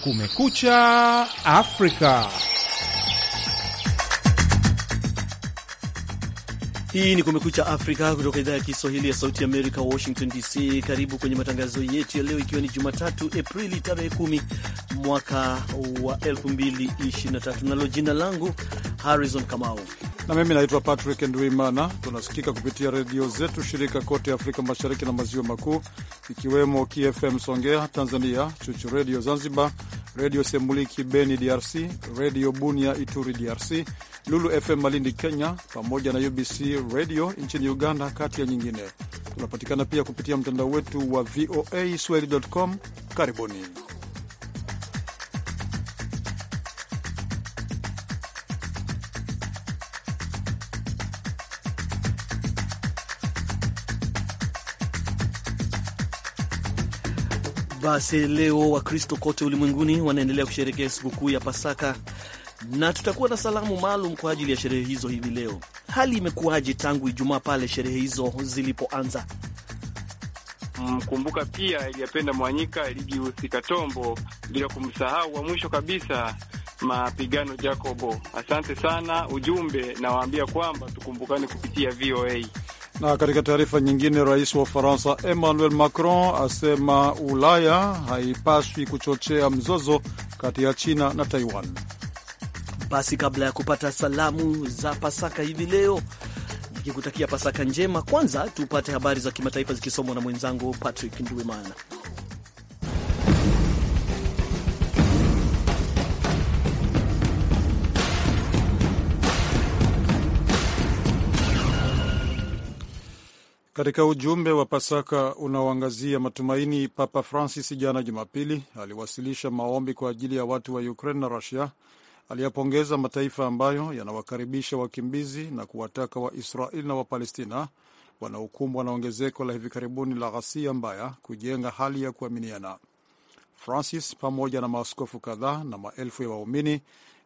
Kumekucha Afrika. Hii ni Kumekucha Afrika kutoka idhaa ya Kiswahili ya Sauti Amerika, Washington DC. Karibu kwenye matangazo yetu ya leo, ikiwa ni Jumatatu Aprili tarehe 10 mwaka wa 2023, nalo jina langu Harrison Kamau na mimi naitwa Patrick Ndwimana. Tunasikika kupitia redio zetu shirika kote Afrika Mashariki na Maziwa Makuu, ikiwemo KFM Songea Tanzania, Chuchu Redio Zanzibar, Redio Semuliki Beni DRC, Redio Bunia Ituri DRC, Lulu FM Malindi Kenya, pamoja na UBC Redio nchini Uganda, kati ya nyingine. Tunapatikana pia kupitia mtandao wetu wa VOA swahili.com. Karibuni. Basi leo Wakristo kote ulimwenguni wanaendelea kusherekea sikukuu ya Pasaka na tutakuwa na salamu maalum kwa ajili ya sherehe hizo hivi leo. Hali imekuwaje tangu Ijumaa pale sherehe hizo zilipoanza? Mkumbuka pia Eliyapenda Mwanyika, Eligiusika Tombo, bila kumsahau wa mwisho kabisa Mapigano Jacobo. Asante sana ujumbe, nawaambia kwamba tukumbukane kupitia VOA. Na katika taarifa nyingine, rais wa Ufaransa Emmanuel Macron asema Ulaya haipaswi kuchochea mzozo kati ya China na Taiwan. Basi kabla ya kupata salamu za Pasaka hivi leo, nikikutakia Pasaka njema, kwanza tupate habari za kimataifa zikisomwa na mwenzangu Patrick nduimana Katika ujumbe wa Pasaka unaoangazia matumaini, Papa Francis jana Jumapili aliwasilisha maombi kwa ajili ya watu wa Ukraine na Rusia. Aliyapongeza mataifa ambayo yanawakaribisha wakimbizi na kuwataka Waisraeli na Wapalestina wanaokumbwa na ongezeko la hivi karibuni la ghasia mbaya kujenga hali ya kuaminiana. Francis pamoja na maaskofu kadhaa na maelfu ya waumini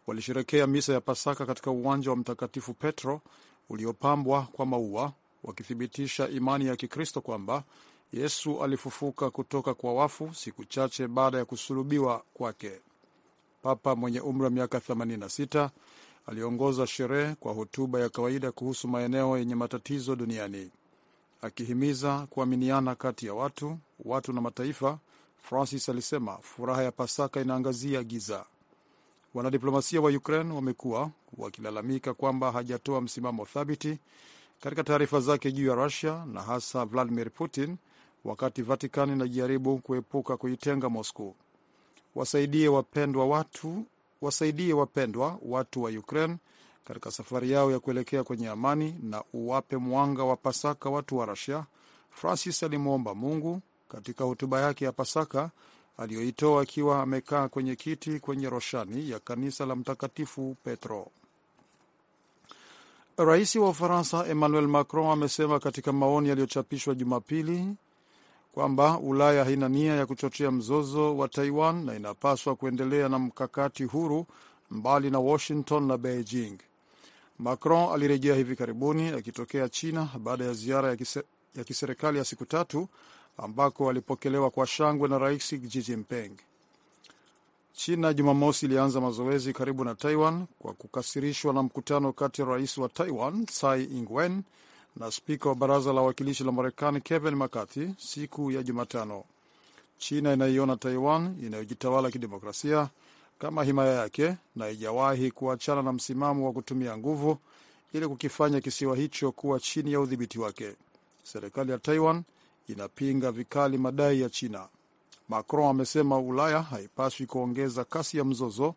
walisherekea misa ya Pasaka katika uwanja wa Mtakatifu Petro uliopambwa kwa maua wakithibitisha imani ya Kikristo kwamba Yesu alifufuka kutoka kwa wafu siku chache baada ya kusulubiwa kwake. Papa mwenye umri wa miaka 86 aliongoza sherehe kwa hotuba ya kawaida kuhusu maeneo yenye matatizo duniani, akihimiza kuaminiana kati ya watu, watu na mataifa. Francis alisema furaha ya Pasaka inaangazia giza. Wanadiplomasia wa Ukraine wamekuwa wakilalamika kwamba hajatoa msimamo thabiti katika taarifa zake juu ya Rusia na hasa Vladimir Putin, wakati Vatican inajaribu kuepuka kuitenga Moscow. Wasaidie wapendwa watu, wasaidie wapendwa watu wa Ukraine katika safari yao ya kuelekea kwenye amani na uwape mwanga wa Pasaka watu wa Rusia, Francis alimwomba Mungu katika hotuba yake ya Pasaka aliyoitoa akiwa amekaa kwenye kiti kwenye roshani ya kanisa la Mtakatifu Petro. Rais wa Ufaransa Emmanuel Macron amesema katika maoni yaliyochapishwa Jumapili kwamba Ulaya haina nia ya kuchochea mzozo wa Taiwan na inapaswa kuendelea na mkakati huru mbali na Washington na Beijing. Macron alirejea hivi karibuni akitokea China baada ya ziara ya, kise, ya kiserikali ya siku tatu ambako alipokelewa kwa shangwe na Rais Xi Jinping. China Jumamosi ilianza mazoezi karibu na Taiwan kwa kukasirishwa na mkutano kati ya rais wa Taiwan Tsai Ing-wen na spika wa baraza la wawakilishi la Marekani Kevin McCarthy siku ya Jumatano. China inaiona Taiwan inayojitawala kidemokrasia kama himaya yake na haijawahi kuachana na msimamo wa kutumia nguvu ili kukifanya kisiwa hicho kuwa chini ya udhibiti wake. Serikali ya Taiwan inapinga vikali madai ya China. Macron amesema Ulaya haipaswi kuongeza kasi ya mzozo,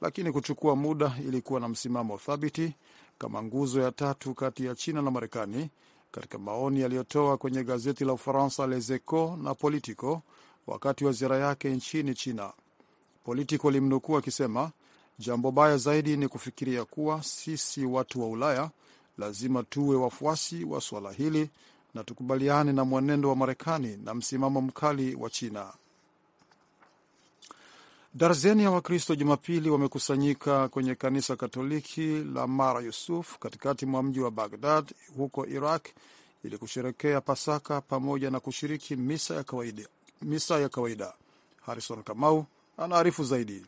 lakini kuchukua muda ili kuwa na msimamo thabiti kama nguzo ya tatu kati ya China na Marekani, katika maoni yaliyotoa kwenye gazeti la Ufaransa Les Echos na Politico wakati wa ziara yake nchini China. Politico limnukuu akisema jambo baya zaidi ni kufikiria kuwa sisi watu wa Ulaya lazima tuwe wafuasi wa suala hili na tukubaliane na mwenendo wa Marekani na msimamo mkali wa China. Darzeni ya Wakristo Jumapili wamekusanyika kwenye kanisa Katoliki la Mara Yusuf katikati mwa mji wa Bagdad huko Iraq ili kusherekea Pasaka pamoja na kushiriki misa ya kawaida. Misa ya kawaida. Harison Kamau anaarifu zaidi.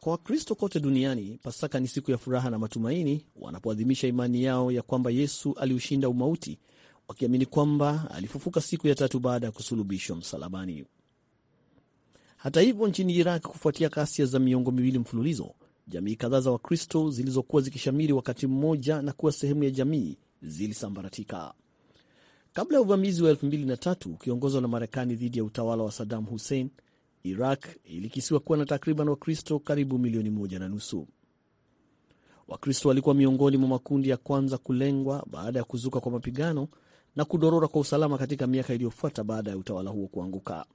Kwa Wakristo kote duniani, Pasaka ni siku ya furaha na matumaini wanapoadhimisha imani yao ya kwamba Yesu aliushinda umauti, wakiamini kwamba alifufuka siku ya tatu baada ya kusulubishwa msalabani. Hata hivyo, nchini Iraq, kufuatia ghasia za miongo miwili mfululizo, jamii kadhaa za Wakristo zilizokuwa zikishamiri wakati mmoja na kuwa sehemu ya jamii zilisambaratika. Kabla ya uvamizi wa 2003 ukiongozwa na Marekani dhidi ya utawala wa Saddam Hussein, Iraq ilikisiwa kuwa na takriban Wakristo karibu milioni moja na nusu. Wakristo walikuwa miongoni mwa makundi ya kwanza kulengwa baada ya kuzuka kwa mapigano na kudorora kwa usalama katika miaka iliyofuata baada ya utawala huo kuanguka.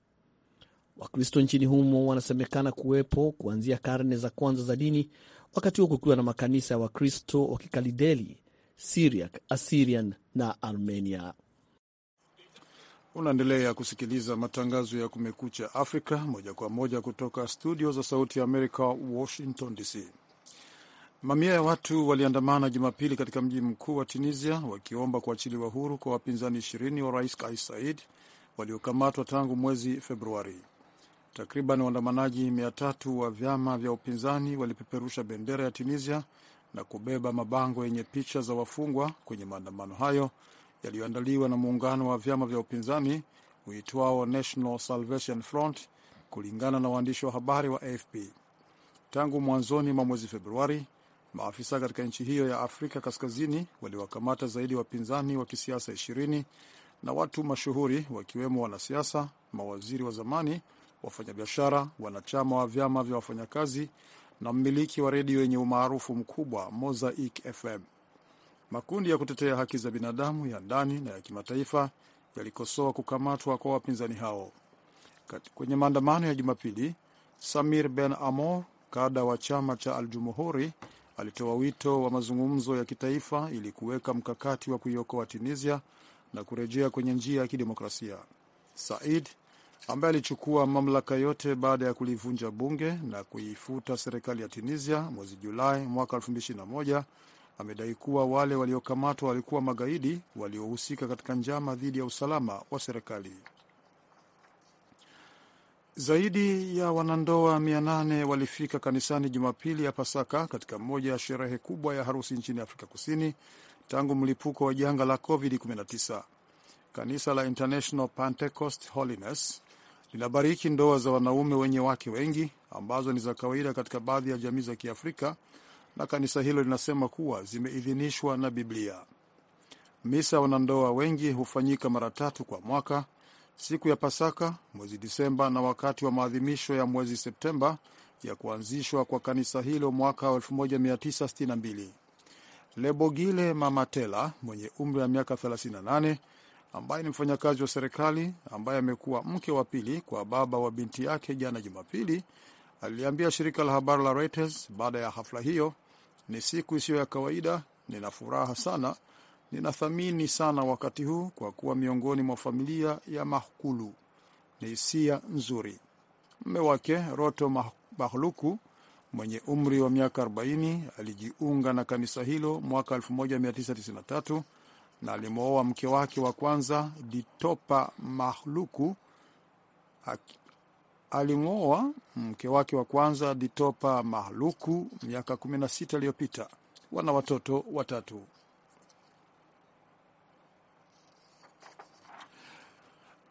Wakristo nchini humo wanasemekana kuwepo kuanzia karne za kwanza za dini, wakati huo kukiwa na makanisa ya Wakristo wa Kikalideli, Syriac, Assyrian na Armenia. Unaendelea kusikiliza matangazo ya Kumekucha Afrika moja kwa moja kutoka studio za Sauti ya Amerika, Washington DC. Mamia ya watu waliandamana Jumapili katika mji mkuu wa Tunisia wakiomba kuachiliwa huru kwa wapinzani ishirini wa rais Kais Said waliokamatwa tangu mwezi Februari. Takriban waandamanaji mia tatu wa vyama vya upinzani walipeperusha bendera ya Tunisia na kubeba mabango yenye picha za wafungwa kwenye maandamano hayo yaliyoandaliwa na muungano wa vyama vya upinzani uitwao National Salvation Front, kulingana na waandishi wa habari wa AFP. Tangu mwanzoni mwa mwezi Februari, maafisa katika nchi hiyo ya Afrika Kaskazini waliwakamata zaidi wapinzani wa kisiasa 20 na watu mashuhuri wakiwemo wanasiasa, mawaziri wa zamani wafanyabiashara, wanachama wa vyama vya wafanyakazi na mmiliki wa redio yenye umaarufu mkubwa Mosaic FM. Makundi ya kutetea haki za binadamu ya ndani na ya kimataifa yalikosoa kukamatwa kwa wapinzani hao kwenye maandamano ya Jumapili. Samir Ben Amor, kada wa chama cha Aljumhuri, alitoa wito wa mazungumzo ya kitaifa ili kuweka mkakati wa kuiokoa Tunisia na kurejea kwenye njia ya kidemokrasia. Said ambaye alichukua mamlaka yote baada ya kulivunja bunge na kuifuta serikali ya Tunisia mwezi Julai mwaka 2021 amedai kuwa wale waliokamatwa walikuwa magaidi waliohusika katika njama dhidi ya usalama wa serikali. Zaidi ya wanandoa 800 walifika kanisani Jumapili ya Pasaka katika moja ya sherehe kubwa ya harusi nchini Afrika Kusini tangu mlipuko wa janga la COVID-19. Kanisa la International Pentecost Holiness linabariki ndoa za wanaume wenye wake wengi ambazo ni za kawaida katika baadhi ya jamii za Kiafrika, na kanisa hilo linasema kuwa zimeidhinishwa na Biblia. Misa ya wanandoa wengi hufanyika mara tatu kwa mwaka, siku ya Pasaka mwezi Disemba na wakati wa maadhimisho ya mwezi Septemba ya kuanzishwa kwa kanisa hilo mwaka 1962. Lebogile Mamatela mwenye umri wa miaka 38 ambaye ni mfanyakazi wa serikali ambaye amekuwa mke wa pili kwa baba wa binti yake, jana Jumapili aliambia shirika la habari la Reuters baada ya hafla hiyo. Ni siku isiyo ya kawaida, nina furaha sana, ninathamini sana wakati huu kwa kuwa miongoni mwa familia ya Mahkulu. Ni hisia nzuri. Mme wake Roto Mahluku mwenye umri wa miaka 40 alijiunga na kanisa hilo mwaka 1993 na alimwoa mke wake wa kwanza Ditopa Mahluku. Alimwoa mke wake wa kwanza Ditopa Mahluku miaka 16 iliyopita. Wana watoto watatu.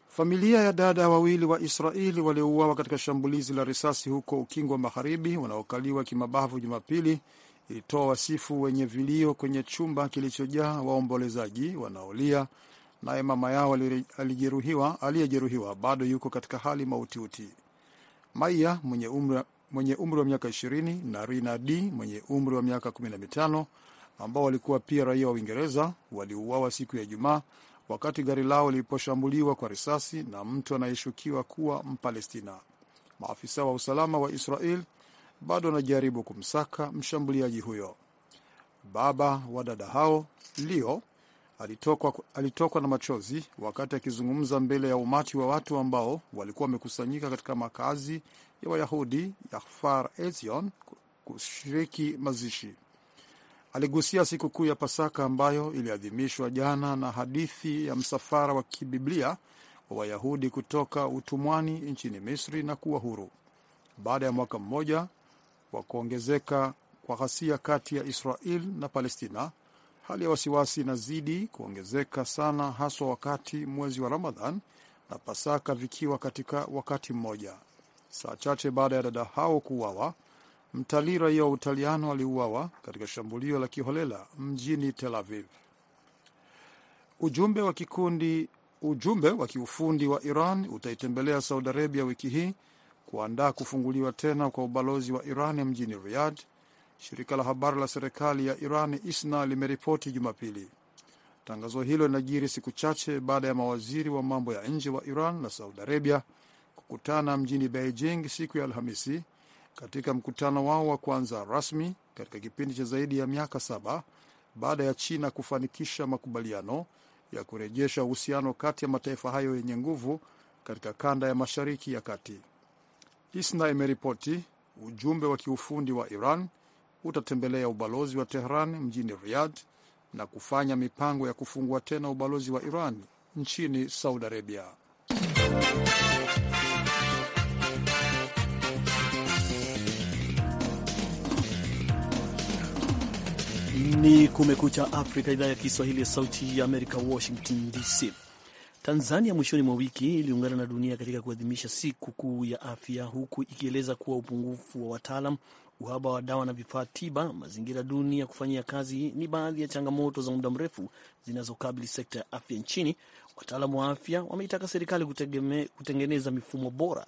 Familia ya dada wawili wa Israeli waliouawa katika shambulizi la risasi huko Ukingo wa Magharibi wanaokaliwa kimabavu Jumapili ilitoa wasifu wenye vilio kwenye chumba kilichojaa waombolezaji wanaolia, naye mama yao alijeruhiwa, aliyejeruhiwa bado yuko katika hali mautiuti. Maia mwenye umri mwenye umri wa miaka 20 na Rina D mwenye umri wa miaka 15 ambao walikuwa pia raia wa Uingereza waliuawa siku ya Ijumaa wakati gari lao liliposhambuliwa kwa risasi na mtu anayeshukiwa kuwa Mpalestina. Maafisa wa usalama wa Israel bado anajaribu kumsaka mshambuliaji huyo. Baba wa dada hao Leo alitokwa, alitokwa na machozi wakati akizungumza mbele ya umati wa watu ambao walikuwa wamekusanyika katika makazi ya Wayahudi ya Kfar Ezion kushiriki mazishi. Aligusia sikukuu ya Pasaka ambayo iliadhimishwa jana na hadithi ya msafara wa kibiblia wa Wayahudi kutoka utumwani nchini Misri na kuwa huru. Baada ya mwaka mmoja, wa kuongezeka kwa ghasia kati ya Israel na Palestina. Hali ya wasiwasi inazidi kuongezeka sana, haswa wakati mwezi wa Ramadhan na Pasaka vikiwa katika wakati mmoja. Saa chache baada ya dada hao kuuawa, mtalii raia wa Utaliano aliuawa katika shambulio la kiholela mjini Tel Aviv. Ujumbe wa kikundi ujumbe wa kiufundi wa Iran utaitembelea Saudi Arabia wiki hii kuandaa kufunguliwa tena kwa ubalozi wa Iran mjini Riyadh, shirika la habari la serikali ya Iran ISNA limeripoti Jumapili. Tangazo hilo linajiri siku chache baada ya mawaziri wa mambo ya nje wa Iran na Saudi Arabia kukutana mjini Beijing siku ya Alhamisi katika mkutano wao wa kwanza rasmi katika kipindi cha zaidi ya miaka saba baada ya China kufanikisha makubaliano ya kurejesha uhusiano kati ya mataifa hayo yenye nguvu katika kanda ya Mashariki ya Kati. ISNA imeripoti ujumbe wa kiufundi wa Iran utatembelea ubalozi wa Tehran mjini Riyadh na kufanya mipango ya kufungua tena ubalozi wa Iran nchini Saudi Arabia. Ni Kumekucha Afrika, idhaa ya Kiswahili ya Sauti ya Amerika, Washington DC. Tanzania mwishoni mwa wiki iliungana na dunia katika kuadhimisha siku kuu ya afya, huku ikieleza kuwa upungufu wa wataalam, uhaba wa dawa na vifaa tiba, mazingira duni ya kufanyia kazi ni baadhi ya changamoto za muda mrefu zinazokabili sekta ya afya nchini. wataalam wa afya wameitaka serikali kutengeneza mifumo bora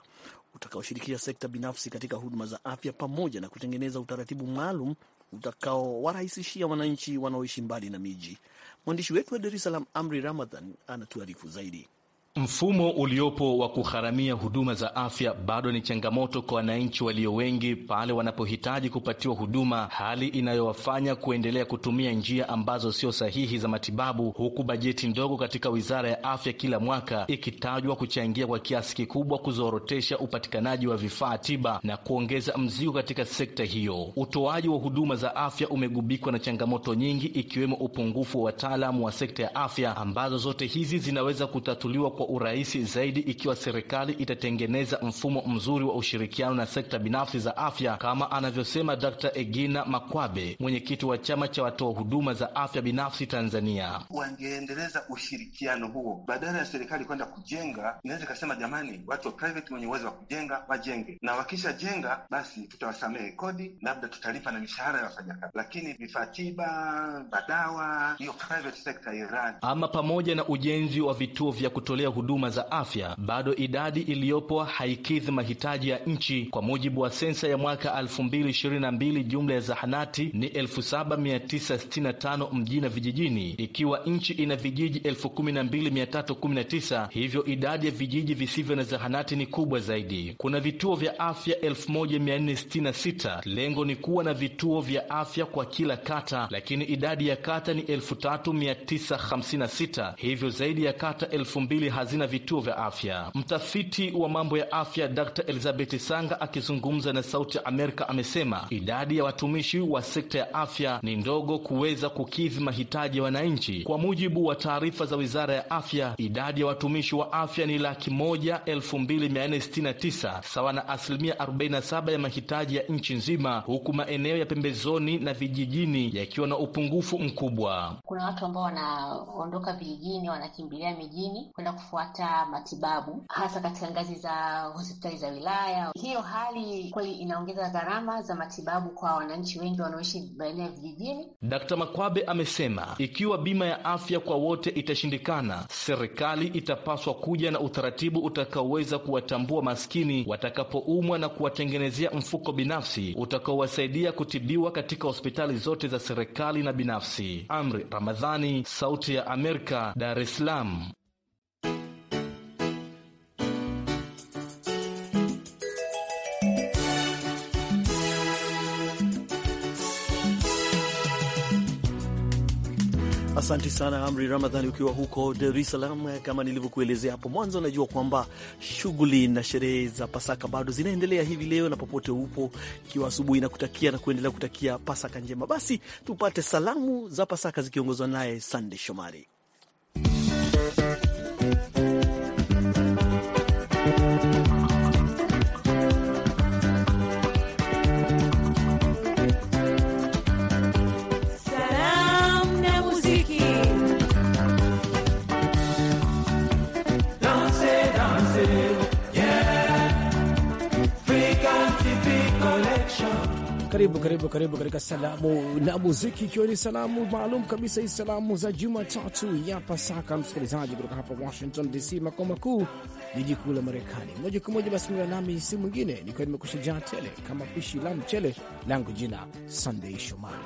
utakaoshirikisha sekta binafsi katika huduma za afya pamoja na kutengeneza utaratibu maalum utakaowarahisishia wananchi wanaoishi mbali na miji. Mwandishi wetu wa Dar es Salaam, Amri Ramadhan, anatuarifu zaidi. Mfumo uliopo wa kugharamia huduma za afya bado ni changamoto kwa wananchi walio wengi pale wanapohitaji kupatiwa huduma, hali inayowafanya kuendelea kutumia njia ambazo sio sahihi za matibabu, huku bajeti ndogo katika Wizara ya Afya kila mwaka ikitajwa kuchangia kwa kiasi kikubwa kuzorotesha upatikanaji wa vifaa tiba na kuongeza mzigo katika sekta hiyo. Utoaji wa huduma za afya umegubikwa na changamoto nyingi, ikiwemo upungufu wa wataalamu wa sekta ya afya, ambazo zote hizi zinaweza kutatuliwa kwa urahisi zaidi ikiwa serikali itatengeneza mfumo mzuri wa ushirikiano na sekta binafsi za afya, kama anavyosema Dr. Egina Makwabe, mwenyekiti wa chama cha watoa huduma za afya binafsi Tanzania. Wangeendeleza ushirikiano huo badala ya serikali kwenda kujenga, inaweza ikasema jamani, watu wa private wenye uwezo wa kujenga wajenge, na wakishajenga basi tutawasamehe kodi, labda tutalipa na mishahara ya wafanyakazi, lakini vifaa tiba, madawa, hiyo private sector irani. Ama pamoja na ujenzi wa vituo vya kutolea huduma za afya, bado idadi iliyopo haikidhi mahitaji ya nchi. Kwa mujibu wa sensa ya mwaka 2022, jumla ya zahanati ni 7965 mjini na vijijini, ikiwa nchi ina vijiji 12319, hivyo idadi ya vijiji visivyo na zahanati ni kubwa zaidi. Kuna vituo vya afya 1466. Lengo ni kuwa na vituo vya afya kwa kila kata, lakini idadi ya kata ni 3956, hivyo zaidi ya kata 2000 hazina vituo vya afya. Mtafiti wa mambo ya afya Dr. Elizabeth Sanga akizungumza na Sauti ya Amerika amesema idadi ya watumishi wa sekta ya afya ni ndogo kuweza kukidhi mahitaji ya wananchi. Kwa mujibu wa taarifa za Wizara ya Afya, idadi ya watumishi wa afya ni laki moja elfu mbili mia nne sitini na tisa sawa na asilimia 47 ya mahitaji ya nchi nzima, huku maeneo ya pembezoni na vijijini yakiwa na upungufu mkubwa. Kuna watu ambao wanaondoka vijijini wanakimbilia mijini kwenda wanafuata matibabu hasa katika ngazi za hospitali za wilaya. Hiyo hali kweli inaongeza gharama za matibabu kwa wananchi wengi wanaoishi maeneo ya vijijini. Dkt. Makwabe amesema ikiwa bima ya afya kwa wote itashindikana, serikali itapaswa kuja na utaratibu utakaoweza kuwatambua maskini watakapoumwa na kuwatengenezea mfuko binafsi utakaowasaidia kutibiwa katika hospitali zote za serikali na binafsi. Amri Ramadhani, Sauti ya Amerika, Dar es Salaam. Asante sana Amri Ramadhani, ukiwa huko Dar es Salaam. Kama nilivyokuelezea hapo mwanzo, najua kwamba shughuli na sherehe za Pasaka bado zinaendelea hivi leo, na popote upo, ikiwa asubuhi na kutakia na kuendelea kutakia Pasaka njema. Basi tupate salamu za Pasaka zikiongozwa naye Sande Shomari. Karibu karibu karibu katika salamu na muziki, ikiwa ni salamu maalum kabisa hii, salamu za Jumatatu ya Pasaka, msikilizaji, kutoka hapa Washington DC, makao makuu, jiji kuu la Marekani. Moja kwa moja basi mla nami si mwingine, nikiwa nimekusha jaa tele kama pishi la mchele langu, jina Sunday Shomari.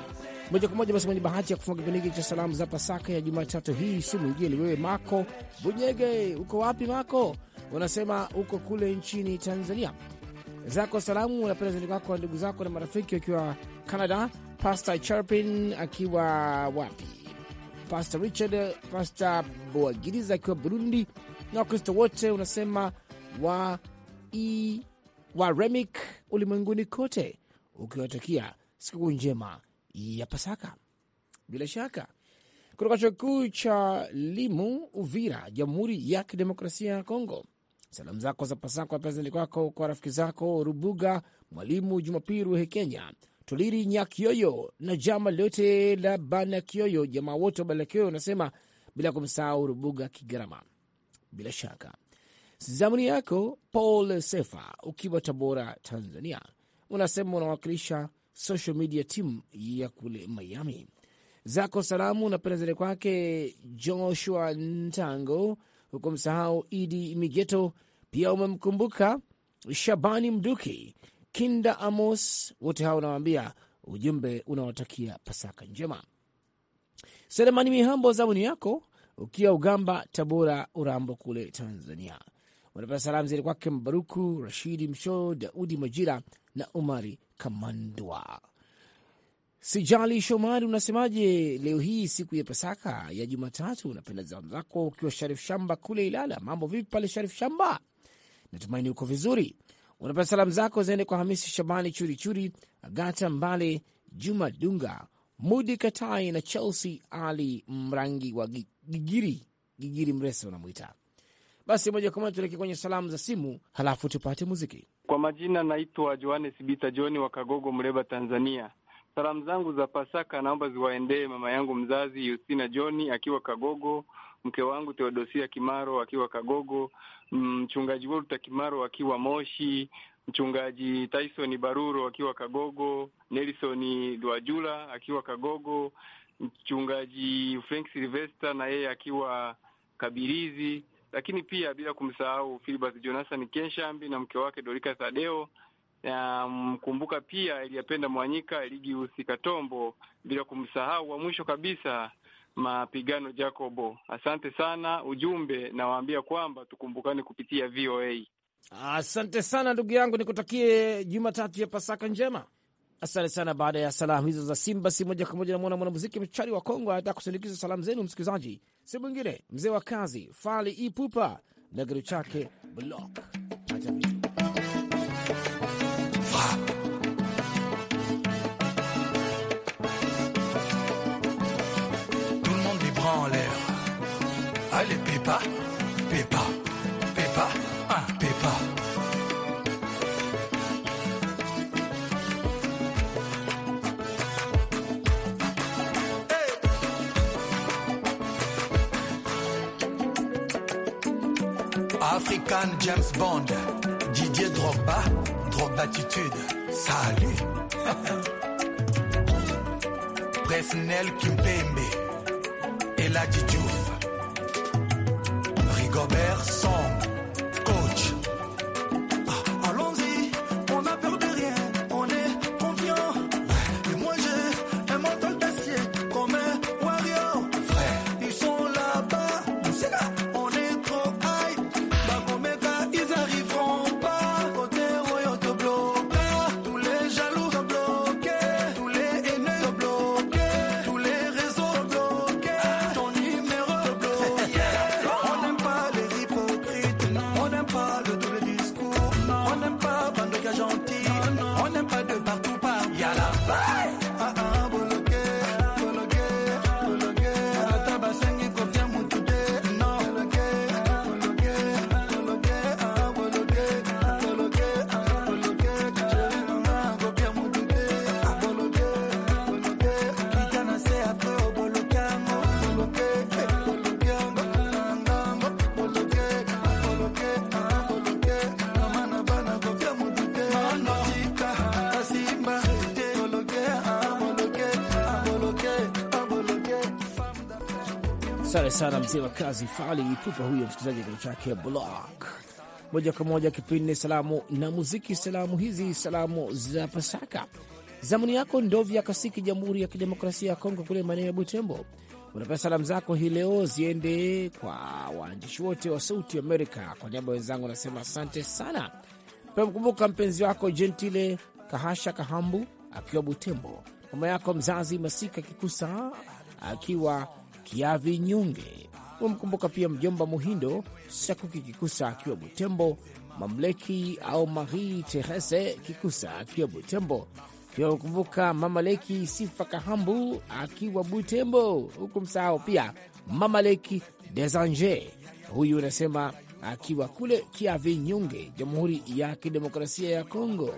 Moja kwa moja basi mwenye bahati ya kufunga kipindi hiki cha salamu za Pasaka ya Jumatatu hii si mwingine ni wewe Mako Bunyege. Uko wapi Mako? Unasema uko kule nchini Tanzania zako salamu napenda zani kwako ndugu zako na marafiki wakiwa Canada, Pastor Charpin akiwa wapi, Pastor Richard, Pastor Boagiriza akiwa Burundi na Wakristo wote unasema wa i, wa remik ulimwenguni kote, ukiwatakia sikukuu njema ya Pasaka. Bila shaka kutoka chuo kikuu cha Limu Uvira, Jamhuri ya Kidemokrasia ya Kongo Salamu zako za Pasaka ni kwako kwa rafiki zako Rubuga Mwalimu Jumapili Kenya Tuliri Nyakioyo na jama lote la Bana Kioyo, jamaa wote wa Banakioyo wanasema bila kumsahau Rubuga Kigarama. Bila shaka zamuni yako Paul Sefa ukiwa Tabora, Tanzania, unasema unawakilisha social media team ya kule Miami. Zako salamu napenda zile kwake Joshua Ntango msahau Idi Migeto. Pia umemkumbuka Shabani Mduki, Kinda Amos, wote hawa unawaambia ujumbe unawatakia Pasaka njema. Selemani Mihambo, zabuni yako ukiwa Ugamba, Tabora, Urambo kule Tanzania, unapata salamu zile kwake Mbaruku Rashidi Mshoo, Daudi Majira na Umari Kamandwa. Sijali Shomari, unasemaje leo hii siku ya Pasaka ya Jumatatu? Unapenda zamu zako ukiwa Sharif Shamba kule Ilala. Mambo vipi pale Sharif Shamba? Natumaini uko vizuri. Unapenda salamu zako ziende kwa Hamisi Shabani Churi, Agata Mbale, Juma Dunga, Mudi Katai na Chelsea Ali Mrangi wa Gigiri, Gigiri Mresa unamwita. Basi moja kwa moja tuelekee kwenye salamu za simu, halafu tupate muziki. Kwa majina naitwa Johannes Bita Johni wa Kagogo, Mreba, Tanzania. Salamu zangu za Pasaka naomba ziwaendee mama yangu mzazi Yustina Johni akiwa Kagogo, mke wangu Theodosia Kimaro akiwa Kagogo, mchungaji Wolta Kimaro akiwa Moshi, mchungaji Tyson Baruro akiwa Kagogo, Nelson Dwajula akiwa Kagogo, mchungaji Frank Silvester na yeye akiwa Kabirizi, lakini pia bila kumsahau Filibert Jonathan Kenshambi na mke wake Dorika Tadeo Namkumbuka um, pia iliyapenda Mwanyika, Eligiusi Katombo, bila kumsahau wa mwisho kabisa Mapigano Jacobo. Asante sana, ujumbe nawaambia kwamba tukumbukane kupitia VOA. Asante sana ndugu yangu, nikutakie Jumatatu ya Pasaka njema. Asante sana. Baada ya salamu hizo za Simba, si moja kwa moja namwona mwanamuziki mchari wa Kongo anataka kusindikiza salamu zenu msikilizaji, si mwingine mzee wa kazi Fali Ipupa e na kitu chake block hata Allez, Pépa, Pépa, Pépa, ah, hein, Pépa. African James Bond, Didier Drogba, Drogba attitude, salut. Presnel Kimpembe, la Diouf sans Asante sana mzee wa kazi Fali Ipupa, huyo msikilizaji kito chake block moja kwa moja. Kipindi salamu na muziki, salamu hizi salamu za Pasaka zamuni yako Ndovya Kasiki, Jamhuri ya Kidemokrasia ya Kongo, kule maeneo ya Butembo. unapea salamu zako hii leo ziende kwa waandishi wote wa Sauti Amerika. Kwa niaba wenzangu nasema asante sana. Pia mkumbuka mpenzi wako Gentile Kahasha Kahambu akiwa Butembo, mama yako mzazi Masika Kikusa akiwa Kiavi Nyunge. Wamkumbuka pia mjomba Muhindo Sakuki Kikusa akiwa Butembo, Mamleki au Marie Terese Kikusa akiwa Butembo. Pia wamkumbuka mamaleki Sifa Kahambu akiwa Butembo, huku msahau pia mamaleki Desange, huyu unasema akiwa kule Kiavi Nyunge, Jamhuri ya Kidemokrasia ya Kongo.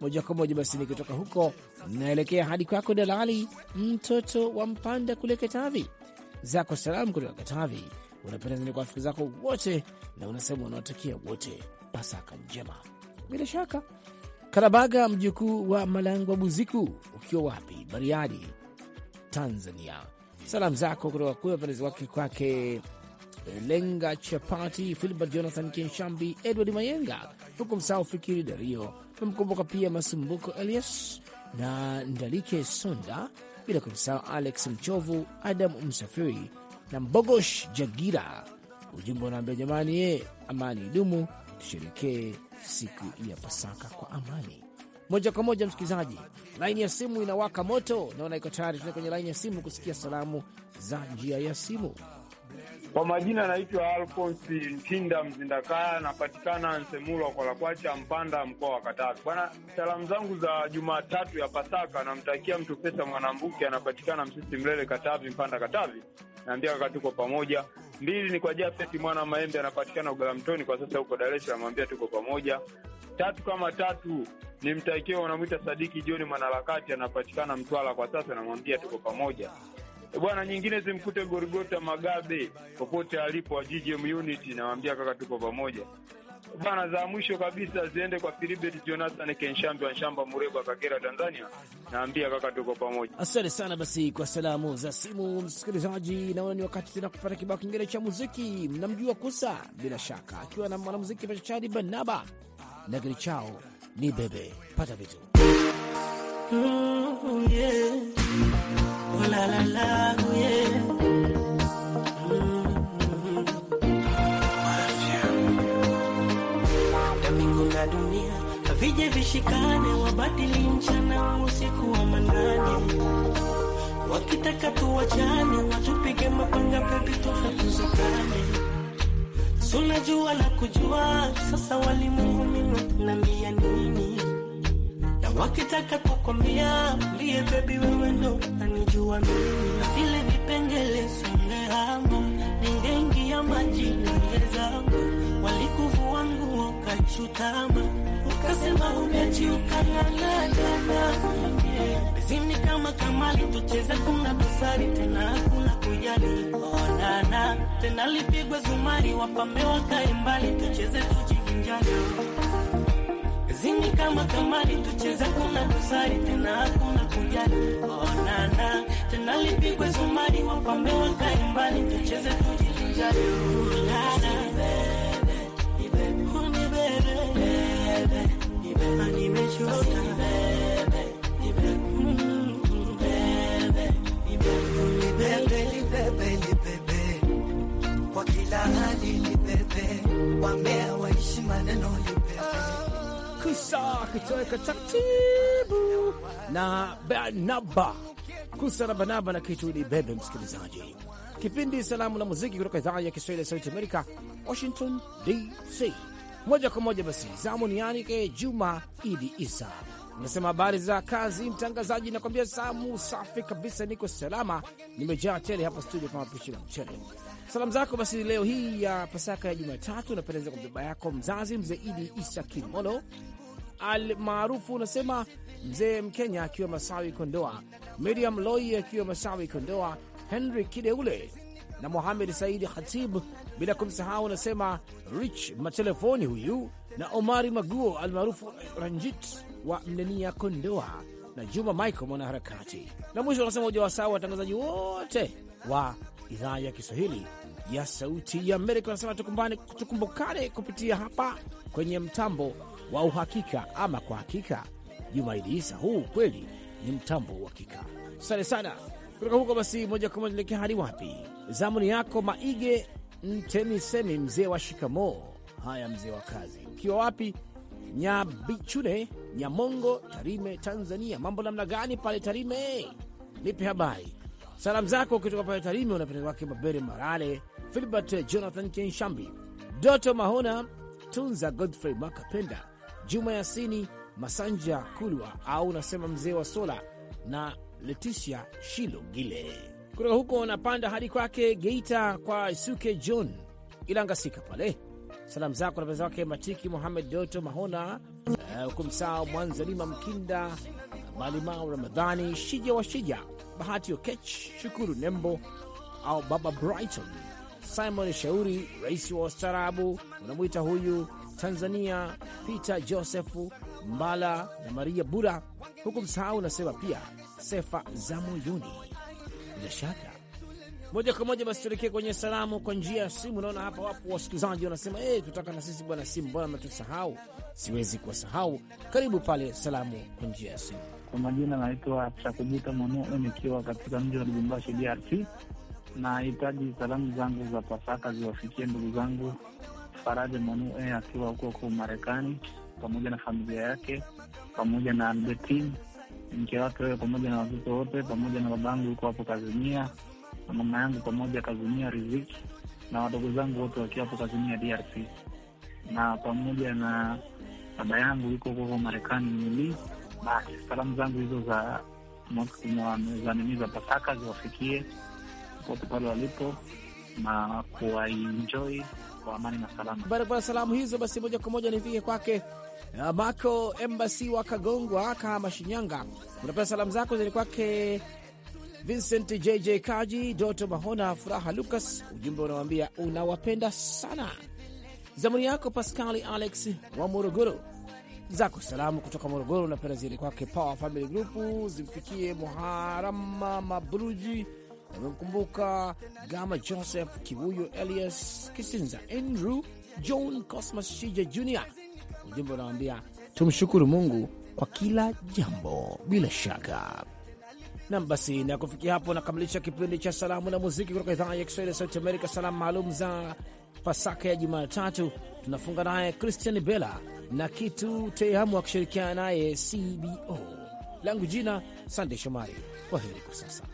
Moja kwa moja basi, nikitoka huko naelekea hadi kwako Dalali, mtoto wa Mpanda kule Katavi zako salamu kutoka Katavi, ni kwa rafiki zako wote na unasema unawatakia wote Pasaka njema. Bila shaka Karabaga mjukuu wa Malangwa Buziku, ukiwa wapi? Bariadi, Tanzania. Salamu zako kutoka kule wapendezi wake kwake Lenga Chapati, filiba Jonathan Kenshambi, Edward Mayenga, huku msahau Fikiri Dario. Memkumbuka pia Masumbuko Elias na Ndalike Sonda bila kumsahau Alex Mchovu, Adamu Msafiri na Mbogosh Jagira. Ujumbe unaambia jamani, ye amani idumu, tusherekee siku ya Pasaka kwa amani. Moja kwa moja, msikilizaji, laini ya simu inawaka moto, naona iko tayari. Tuna kwenye laini ya simu kusikia salamu za njia ya simu. Kwa majina anaitwa Alphonse Ntinda Mzindakaya, anapatikana Nsemulwa kwa Lakwacha Mpanda, mkoa wa Katavi. Bwana, salamu zangu za Jumatatu ya Pasaka namtakia mtu pesa Mwanambuke, anapatikana Msisi Mlele, Katavi, Mpanda, Katavi. Naambia kaka, tuko pamoja. Mbili ni kwa Jafeti Mwana Maembe, anapatikana Ugalamtoni kwa sasa huko Dar es Salaam, tuko pamoja. Tatu kama tatu ni mtakio, wanamwita Sadiki Joni Mwanaharakati, anapatikana mtwala kwa sasa, namwambia tuko pamoja bwana, nyingine zimkute Gorgota Magabe popote alipo, GGM unit nawambia kaka, tuko pamoja bwana. Za mwisho kabisa ziende kwa Philibert Jonathan Kenshambi wa Nshamba, Mureba, Kagera, Tanzania. Naambia kaka, tuko pamoja. Asante sana basi kwa salamu za simu, msikilizaji. Naona ni wakati tena kupata kibao kingine cha muziki. Mnamjua Kusa bila shaka, akiwa na mwanamuziki machachari Banaba na kili chao ni bebe pata vitu mm, yeah. Oh mm-hmm. Vije vishikane wabadili mchana usiku wa manane, wakitaka tuwachane, watupige mapanga pepi tufatuzikane, suna jua la kujua sasa walimwengu mimi tunambia nini? wakitaka kukwambia mlie bebi, wewe ndo anijua mimi, vile vipengele somehangu ningeingia majini yezangu, walikuvua nguo ukachutama, ukasema umechi, ukalalagana zini kama kamali, tucheze kuna dosari tena, kuna kujali onana oh, tena, lipigwe zumari, wapambe wakae mbali, tucheze tujivinjali Kazini kama kamari, tucheza kuna dosari tena, hakuna kujali. Onana tena, lipigwe sumari, wapambe wakae mbali, tucheze tujivinjari. Ulala akitoweka taratibu na Banaba kusa na Banaba na kitu ni bebe. Msikilizaji, kipindi Salamu na Muziki kutoka idhaa ya Kiswahili ya Sauti Amerika, Washington DC. Moja kwa moja basi zamu ni yanike Juma Idi Isa nasema habari za kazi, mtangazaji. Nakwambia samu safi kabisa, niko salama, nimejaa tele hapa studio kama pishi la mchele. Salamu zako basi leo hii ya Pasaka ya Jumatatu napendeza kwa baba yako mzazi mzee Idi Isa Kimolo, al maarufu unasema mzee Mkenya akiwa Masawi Kondoa, Miriam Loi akiwa Masawi Kondoa, Henry Kideule na muhamed Saidi Khatib, bila kumsahau unasema Rich Matelefoni huyu na Omari Maguo almaarufu Ranjit wa Mnenia Kondoa na Juma Michael mwanaharakati. Na mwisho unasema wasaa watangazaji wote wa idhaa ya Kiswahili ya Sauti ya Amerika, wanasema tukumbane, tukumbukane kupitia hapa kwenye mtambo wa uhakika ama kwa hakika. Juma Idi Isa, huu kweli ni mtambo wa uhakika. Asante sana kutoka huko. Basi moja kwa moja elekea hadi wapi? Zamuni yako Maige Mtemisemi, mzee wa shikamoo. Haya, mzee wa kazi, ukiwa wapi? Nyabichune, Nyamongo, Tarime, Tanzania. Mambo namna gani pale Tarime? Nipe habari salamu zako ukitoka pale Tarime. Unapenda wake Mabere Marale, Filibert Jonathan Kenshambi, Doto Mahona, Tunza Godfrey makapenda Juma Yasini Masanja Kulwa au unasema mzee wa Sola na Leticia Shilogile. Kutoka huko napanda hadi kwake Geita kwa Isuke John Ilangasika pale. Salamu zako na wake Matiki muhamed Doto Mahona eh, huku, uh, Mwanza Lima Mkinda Malimao Ramadhani Shija wa Shija Bahati Okech Shukuru Nembo au Baba Brighton Simon Shauri, rais wa ustaarabu unamwita huyu Tanzania Peter Josefu Mbala na Maria Bura, huku msahau unasema pia Sefa za Moyoni. Bila shaka moja kwa moja basi tuelekee kwenye salamu kwa njia ya simu. Naona hapa wapo wasikilizaji wanasema hey, eh, tutaka na sisi bwana simu, mbona mnatusahau? Siwezi kuwasahau. Karibu pale salamu kwa njia ya simu. Kwa majina naitwa Chakujuta Mwanue, nikiwa katika mji wa Lubumbashi, DRC. Nahitaji salamu zangu za Pasaka ziwafikie ndugu zangu Faraja manu eh, akiwa huko huko Marekani pamoja na familia yake pamoja na Albertine mke wake wewe pamoja na watoto wote pamoja na babangu yuko hapo Kazimia na mama yangu pamoja Kazimia Riziki na wadogo zangu wote wakiwa hapo Kazimia DRC na pamoja na baba yangu yuko huko Marekani mili. Basi salamu zangu hizo za zanini Pasaka ziwafikie popote pale walipo na kuwaenjoy kwa amani na salama. Barabara salamu hizo basi, moja kwa moja nifike kwake uh, Mako Embasi wa Kagongwa, kama Shinyanga. Unapea salamu zako zeni kwake Vincent JJ Kaji, Doto Mahona, Furaha Lucas. Ujumbe unawambia unawapenda sana. Zamuni yako Paskali Alex wa Morogoro, zako salamu kutoka Morogoro unapenda zile kwake Power Family Group, zimfikie Muharama Mabruji amemkumbuka Gama Joseph Kibuyo, Elias Kisinza, Andrew John, Cosmas Shija Jr. Ujumbe unawambia tumshukuru Mungu kwa kila jambo bila shaka. Nam basi, na kufikia hapo nakamilisha kipindi cha salamu na muziki kutoka idhaa ya Kiswahili ya Sauti Amerika, salamu maalum za Pasaka ya Jumatatu. Tunafunga naye Christian Bella na kitu Tehamu akishirikiana naye CBO. Langu jina Sandey Shomari, kwa heri kwa sasa.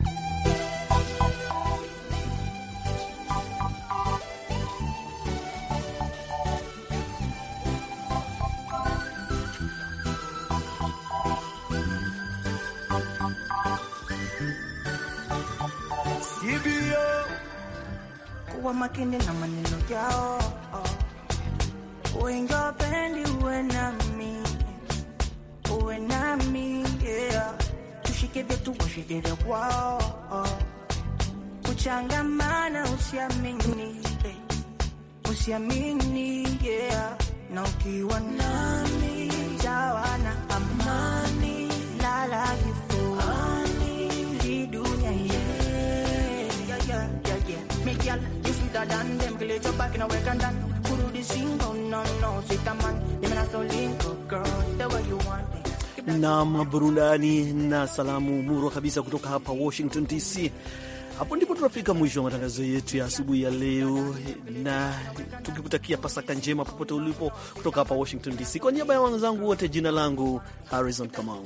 kuwa makini na maneno yao. wengi wapendi uwe nami, uwe nami yeah. Tushike vyetu washijere kwao Kuchangamana usiamini, usiamini yeah. na ukiwa na better than them. back dada dem kilichobaki naweka ndani kurudi singo no no sitamani nimenasolingo girl the way you want me nam burudani na salamu murwa kabisa kutoka hapa Washington DC. Hapo ndipo tunafika mwisho wa matangazo yetu ya asubuhi ya leo, na tukikutakia Pasaka njema popote ulipo, kutoka hapa Washington DC. Kwa niaba ya wenzangu wote, jina langu Harrison Kamau.